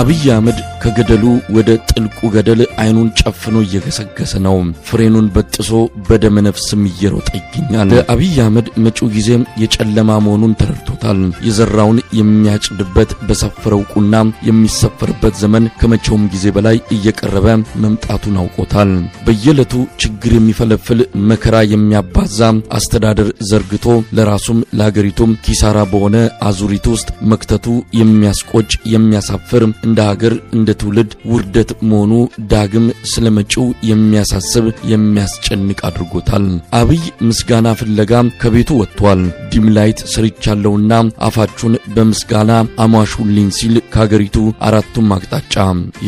አብይ አህመድ ከገደሉ ወደ ጥልቁ ገደል አይኑን ጨፍኖ እየገሰገሰ ነው። ፍሬኑን በጥሶ በደመ ነፍስም እየሮጠ ይገኛል። በአብይ አህመድ መጪው ጊዜም የጨለማ መሆኑን ተረድቶታል። የዘራውን የሚያጭድበት በሰፈረው ቁና የሚሰፈርበት ዘመን ከመቼውም ጊዜ በላይ እየቀረበ መምጣቱን አውቆታል። በየዕለቱ ችግር የሚፈለፍል መከራ የሚያባዛ አስተዳደር ዘርግቶ ለራሱም ለሀገሪቱም ኪሳራ በሆነ አዙሪት ውስጥ መክተቱ የሚያስቆጭ የሚያሳፍር እንደ ሀገር እንደ ትውልድ ውርደት መሆኑ ዳግም ስለ መጪው የሚያሳስብ የሚያስጨንቅ አድርጎታል። አብይ ምስጋና ፍለጋ ከቤቱ ወጥቷል። ዲምላይት ስርቻለውና አፋቹን በምስጋና አሟሹልኝ ሲል ከአገሪቱ አራቱም አቅጣጫ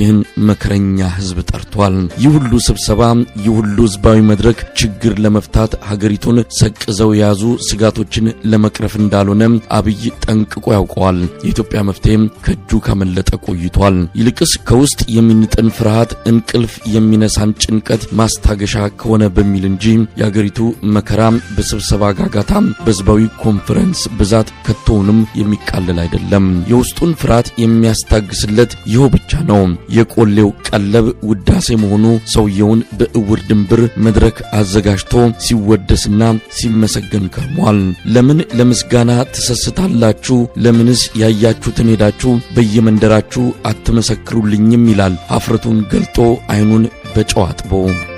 ይህን መከረኛ ህዝብ ጠርቷል። ይህ ሁሉ ስብሰባ፣ ይህ ሁሉ ህዝባዊ መድረክ ችግር ለመፍታት ሀገሪቱን ሰቅዘው የያዙ ስጋቶችን ለመቅረፍ እንዳልሆነ አብይ ጠንቅቆ ያውቀዋል። የኢትዮጵያ መፍትሄም ከእጁ ከመለጠ ቆይቷል። ይልቅስ ሱስ ከውስጥ የሚንጥን ፍርሃት፣ እንቅልፍ የሚነሳን ጭንቀት ማስታገሻ ከሆነ በሚል እንጂ የአገሪቱ መከራም በስብሰባ ጋጋታም በህዝባዊ ኮንፈረንስ ብዛት ከቶውንም የሚቃለል አይደለም። የውስጡን ፍርሃት የሚያስታግስለት ይኸው ብቻ ነው። የቆሌው ቀለብ ውዳሴ መሆኑ ሰውየውን በእውር ድንብር መድረክ አዘጋጅቶ ሲወደስና ሲመሰገን ከርሟል። ለምን ለምስጋና ትሰስታላችሁ? ለምንስ ያያችሁትን ሄዳችሁ በየመንደራችሁ አትመሰክሩ አልሰሩልኝም ይላል። አፍረቱን ገልጦ አይኑን መበጠበጫው አጥቦ።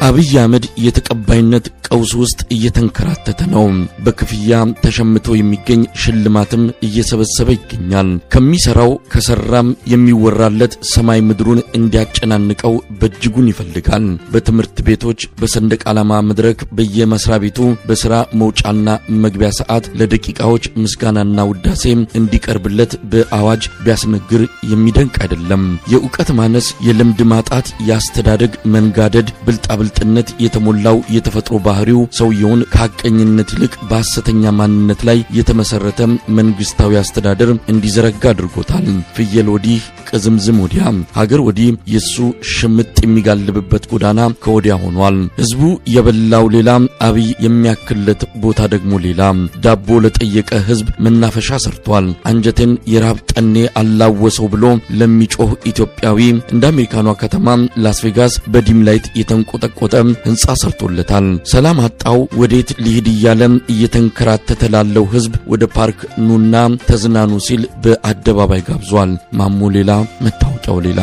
አብይ አህመድ የተቀባይነት ቀውስ ውስጥ እየተንከራተተ ነው። በክፍያ ተሸምቶ የሚገኝ ሽልማትም እየሰበሰበ ይገኛል። ከሚሰራው ከሰራም የሚወራለት ሰማይ ምድሩን እንዲያጨናንቀው በእጅጉን ይፈልጋል። በትምህርት ቤቶች፣ በሰንደቅ ዓላማ መድረክ፣ በየመስሪያ ቤቱ በሥራ መውጫና መግቢያ ሰዓት ለደቂቃዎች ምስጋናና ውዳሴ እንዲቀርብለት በአዋጅ ቢያስነግር የሚደንቅ አይደለም። የእውቀት ማነስ፣ የልምድ ማጣት፣ የአስተዳደግ መን መንጋደድ፣ ብልጣብልጥነት የተሞላው የተፈጥሮ ባህሪው ሰውየውን ከሐቀኝነት ይልቅ በሐሰተኛ ማንነት ላይ የተመሰረተ መንግስታዊ አስተዳደር እንዲዘረጋ አድርጎታል። ፍየል ወዲህ ቅዝምዝም ወዲያ፣ ሀገር ወዲህ የሱ ሽምጥ የሚጋልብበት ጎዳና ከወዲያ ሆኗል። ህዝቡ የበላው ሌላ፣ አብይ የሚያክለት ቦታ ደግሞ ሌላ። ዳቦ ለጠየቀ ህዝብ መናፈሻ ሰርቷል። አንጀትን የራብ ጠኔ አላወሰው ብሎ ለሚጮህ ኢትዮጵያዊ እንደ አሜሪካኗ ከተማ ላስቬጋስ በዲ በዲም ላይት የተንቆጠቆጠ ህንፃ ሰርቶለታል። ሰላም አጣው ወዴት ሊሄድ እያለ እየተንከራተተ ላለው ሕዝብ ወደ ፓርክ ኑና ተዝናኑ ሲል በአደባባይ ጋብዟል። ማሞ ሌላ፣ መታወቂያው ሌላ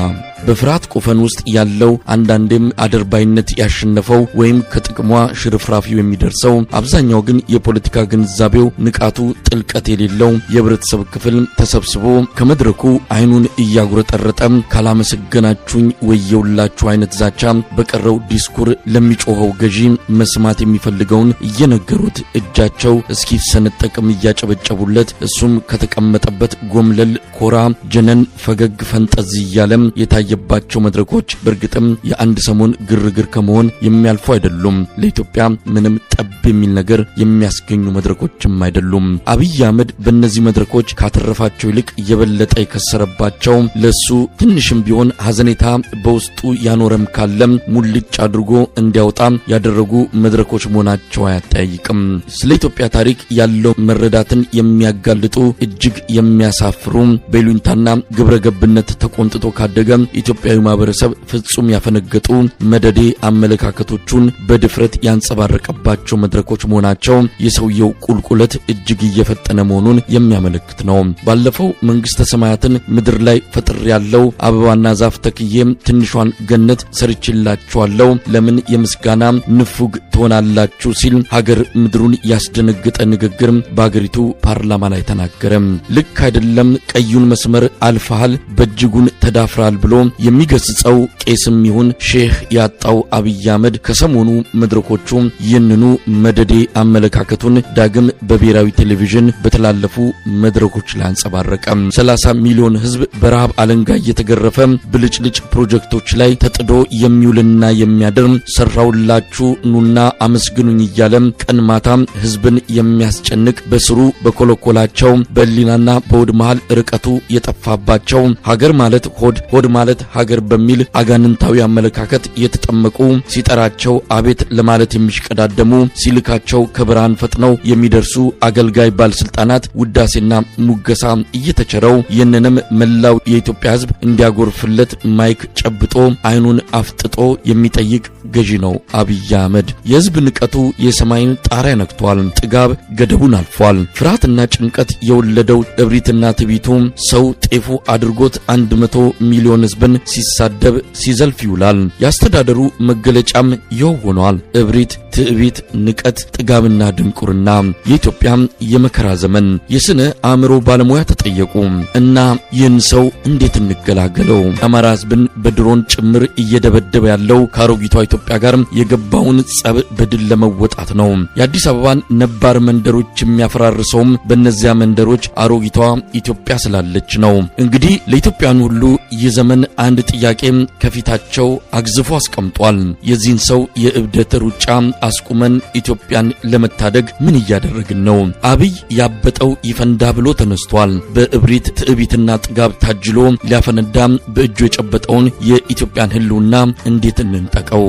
በፍርሃት ቁፈን ውስጥ ያለው አንዳንዴም አደርባይነት ያሸነፈው ወይም ከጥቅሟ ሽርፍራፊው የሚደርሰው አብዛኛው ግን የፖለቲካ ግንዛቤው ንቃቱ ጥልቀት የሌለው የህብረተሰብ ክፍል ተሰብስቦ ከመድረኩ አይኑን እያጉረጠረጠም ካላመሰገናችሁኝ ወየውላችሁ አይነት ዛቻ በቀረው ዲስኩር ለሚጮኸው ገዢ መስማት የሚፈልገውን እየነገሩት እጃቸው እስኪሰነጠቅም እያጨበጨቡለት እሱም ከተቀመጠበት ጎምለል ኮራ ጀነን ፈገግ ፈንጠዝ እያለም የታየ የታየባቸው መድረኮች በእርግጥም የአንድ ሰሞን ግርግር ከመሆን የሚያልፉ አይደሉም። ለኢትዮጵያ ምንም ጠብ የሚል ነገር የሚያስገኙ መድረኮችም አይደሉም። አብይ አህመድ በእነዚህ መድረኮች ካተረፋቸው ይልቅ የበለጠ የከሰረባቸው ለሱ ትንሽም ቢሆን ሐዘኔታ በውስጡ ያኖረም ካለም ሙልጭ አድርጎ እንዲያወጣ ያደረጉ መድረኮች መሆናቸው አያጠያይቅም። ስለ ኢትዮጵያ ታሪክ ያለው መረዳትን የሚያጋልጡ እጅግ የሚያሳፍሩ በይሉኝታና ግብረ ገብነት ተቆንጥቶ ካደገ ኢትዮጵያዊ ማህበረሰብ ፍጹም ያፈነገጡ መደዴ አመለካከቶቹን በድፍረት ያንጸባረቀባቸው መድረኮች መሆናቸው የሰውየው ቁልቁለት እጅግ እየፈጠነ መሆኑን የሚያመለክት ነው። ባለፈው መንግስተ ሰማያትን ምድር ላይ ፈጥር ያለው አበባና ዛፍ ተክዬም ትንሿን ገነት ሰርችላቸዋለው ለምን የምስጋና ንፉግ ትሆናላችሁ ሲል ሀገር ምድሩን ያስደነገጠ ንግግር በአገሪቱ ፓርላማ ላይ ተናገረ። ልክ አይደለም፣ ቀዩን መስመር አልፈሃል፣ በእጅጉን ተዳፍራል ብሎ የሚገስጸው ቄስም ይሁን ሼህ ያጣው አብይ አህመድ ከሰሞኑ መድረኮቹ ይህንኑ መደዴ አመለካከቱን ዳግም በብሔራዊ ቴሌቪዥን በተላለፉ መድረኮች ላይ አንጸባረቀ። 30 ሚሊዮን ህዝብ በረሃብ አለንጋ እየተገረፈ ብልጭልጭ ፕሮጀክቶች ላይ ተጥዶ የሚውልና የሚያደርም ሰራውላችሁ ኑና አመስግኑኝ እያለም ቀን ማታ ህዝብን የሚያስጨንቅ በስሩ በኮለኮላቸው በሊናና በሆድ መሃል ርቀቱ የጠፋባቸው ሀገር ማለት ሆድ ሆድ ማለት ሀገር በሚል አጋንንታዊ አመለካከት የተጠመቁ ሲጠራቸው አቤት ለማለት የሚሽቀዳደሙ ሲልካቸው ከብርሃን ፈጥነው የሚደርሱ አገልጋይ ባለስልጣናት ውዳሴና ሙገሳ እየተቸረው ይህንንም መላው የኢትዮጵያ ህዝብ እንዲያጎርፍለት ማይክ ጨብጦ አይኑን አፍጥጦ የሚጠይቅ ገዢ ነው አብይ አህመድ። የህዝብ ንቀቱ የሰማይን ጣሪያ ነክቷል። ጥጋብ ገደቡን አልፏል። ፍርሃትና ጭንቀት የወለደው እብሪትና ትቢቱ ሰው ጤፉ አድርጎት አንድ መቶ ሚሊዮን ህዝብን ሲሳደብ ሲዘልፍ ይውላል። የአስተዳደሩ መገለጫም ይኸው ሆኗል። እብሪት፣ ትዕቢት፣ ንቀት፣ ጥጋብና ድንቁርና። የኢትዮጵያም የመከራ ዘመን። የስነ አእምሮ ባለሙያ ተጠየቁ እና ይህን ሰው እንዴት እንገላገለው? አማራ ሕዝብን በድሮን ጭምር እየደበደበ ያለው ከአሮጊቷ ኢትዮጵያ ጋር የገባውን ጸብ በድል ለመወጣት ነው። የአዲስ አበባን ነባር መንደሮች የሚያፈራርሰውም በእነዚያ መንደሮች አሮጊቷ ኢትዮጵያ ስላለች ነው። እንግዲህ ለኢትዮጵያን ሁሉ ይህ ዘመን አንድ ጥያቄ ከፊታቸው አግዝፎ አስቀምጧል። የዚህን ሰው የእብደት ሩጫ አስቁመን ኢትዮጵያን ለመታደግ ምን እያደረግን ነው? አብይ ያበጠው ይፈንዳ ብሎ ተነስቷል። በእብሪት ትዕቢትና ጥጋብ ታጅሎ ሊያፈነዳ በእጁ የጨበጠውን የኢትዮጵያን ሕልውና እንዴት እንንጠቀው?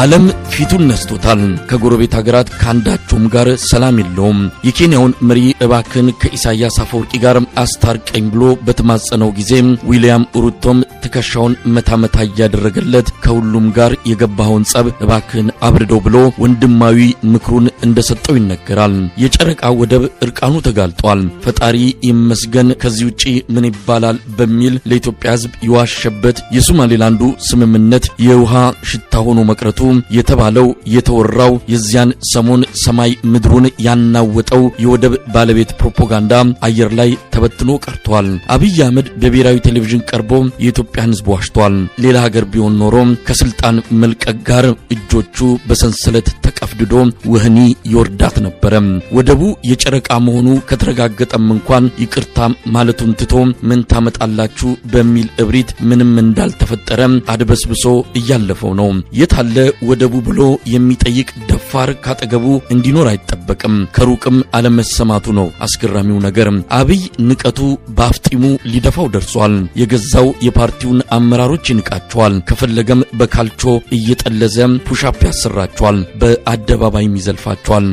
ዓለም ፊቱን ነስቶታል። ከጎረቤት ሀገራት ከአንዳቸውም ጋር ሰላም የለውም። የኬንያውን መሪ እባክን ከኢሳያስ አፈወርቂ ጋር አስታርቀኝ ብሎ በተማጸነው ጊዜ ዊልያም ሩቶም ትከሻውን መታመታ እያደረገለት ከሁሉም ጋር የገባኸውን ጸብ እባክህን አብርደው ብሎ ወንድማዊ ምክሩን እንደሰጠው ይነገራል። የጨረቃ ወደብ እርቃኑ ተጋልጧል። ፈጣሪ ይመስገን ከዚህ ውጪ ምን ይባላል በሚል ለኢትዮጵያ ሕዝብ የዋሸበት የሶማሌላንዱ ስምምነት የውሃ ሽታ ሆኖ መቅረቱ የተባለው የተወራው የዚያን ሰሞን ሰማይ ምድሩን ያናወጠው የወደብ ባለቤት ፕሮፓጋንዳ አየር ላይ ተበ ተበትኖ ቀርቷል። አብይ አህመድ በብሔራዊ ቴሌቪዥን ቀርቦ የኢትዮጵያን ህዝብ ዋሽቷል። ሌላ ሀገር ቢሆን ኖሮ ከስልጣን መልቀቅ ጋር እጆቹ በሰንሰለት ተቀፍድዶ ወህኒ ይወርዳት ነበረ። ወደቡ የጨረቃ መሆኑ ከተረጋገጠም እንኳን ይቅርታ ማለቱን ትቶ ምን ታመጣላችሁ በሚል እብሪት ምንም እንዳልተፈጠረ አድበስብሶ እያለፈው ነው። የታለ ወደቡ ብሎ የሚጠይቅ ደፋር ካጠገቡ እንዲኖር አይጠበቅም። ከሩቅም አለመሰማቱ ነው አስገራሚው ነገር። አብይ ንቀቱ በአፍጢሙ ሊደፋው ደርሷል። የገዛው የፓርቲውን አመራሮች ይንቃቸዋል። ከፈለገም በካልቾ እየጠለዘ ፑሻፕ ያሰራቸዋል። በአደባባይም ይዘልፋቸዋል።